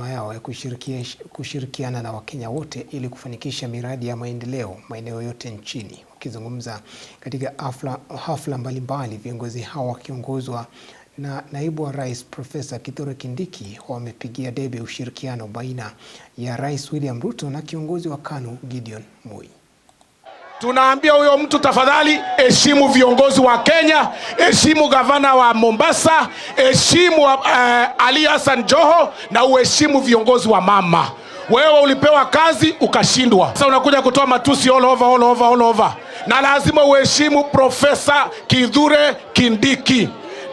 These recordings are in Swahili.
yao ya kushirikiana na Wakenya wote ili kufanikisha miradi ya maendeleo maeneo yote nchini. Wakizungumza katika hafla, hafla mbalimbali viongozi hao wakiongozwa na naibu wa rais Profesa Kithure Kindiki wamepigia debe ushirikiano baina ya Rais William Ruto na kiongozi wa KANU Gideon Moi. Tunaambia huyo mtu tafadhali, heshimu viongozi wa Kenya, heshimu gavana wa Mombasa, heshimu uh, Ali Hassan Joho na uheshimu viongozi wa mama. Wewe ulipewa kazi ukashindwa, sasa unakuja kutoa matusi all over, all over, all over. Na lazima uheshimu Profesa Kithure Kindiki,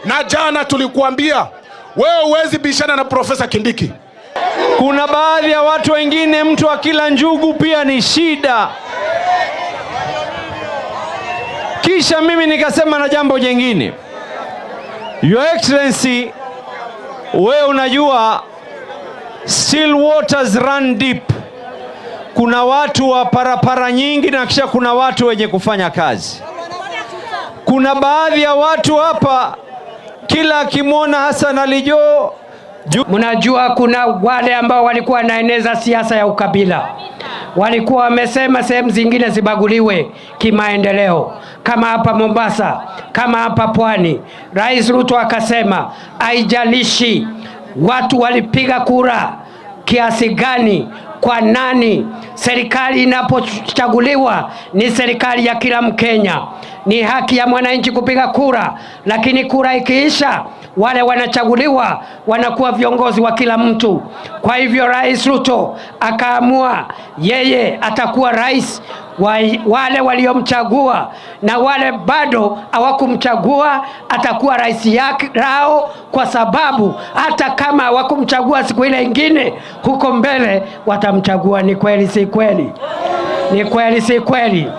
na jana tulikuambia wewe huwezi bishana na Profesa Kindiki. Kuna baadhi ya watu wengine, mtu akila njugu pia ni shida. Kisha mimi nikasema na jambo jengine, Your Excellency, wewe unajua still waters run deep. Kuna watu wa parapara nyingi na kisha kuna watu wenye kufanya kazi. Kuna baadhi ya watu hapa kila akimwona Hassan Ali Joho, mnajua kuna wale ambao walikuwa wanaeneza siasa ya ukabila walikuwa wamesema sehemu zingine zibaguliwe kimaendeleo, kama hapa Mombasa, kama hapa Pwani. Rais Ruto akasema haijalishi watu walipiga kura kiasi gani kwa nani, serikali inapochaguliwa ni serikali ya kila Mkenya. Ni haki ya mwananchi kupiga kura, lakini kura ikiisha wale wanachaguliwa wanakuwa viongozi wa kila mtu. Kwa hivyo Rais Ruto akaamua yeye atakuwa rais wa wale waliomchagua na wale bado hawakumchagua atakuwa rais yao, kwa sababu hata kama hawakumchagua siku ile ingine, huko mbele watamchagua. Ni kweli si kweli? Ni kweli si kweli?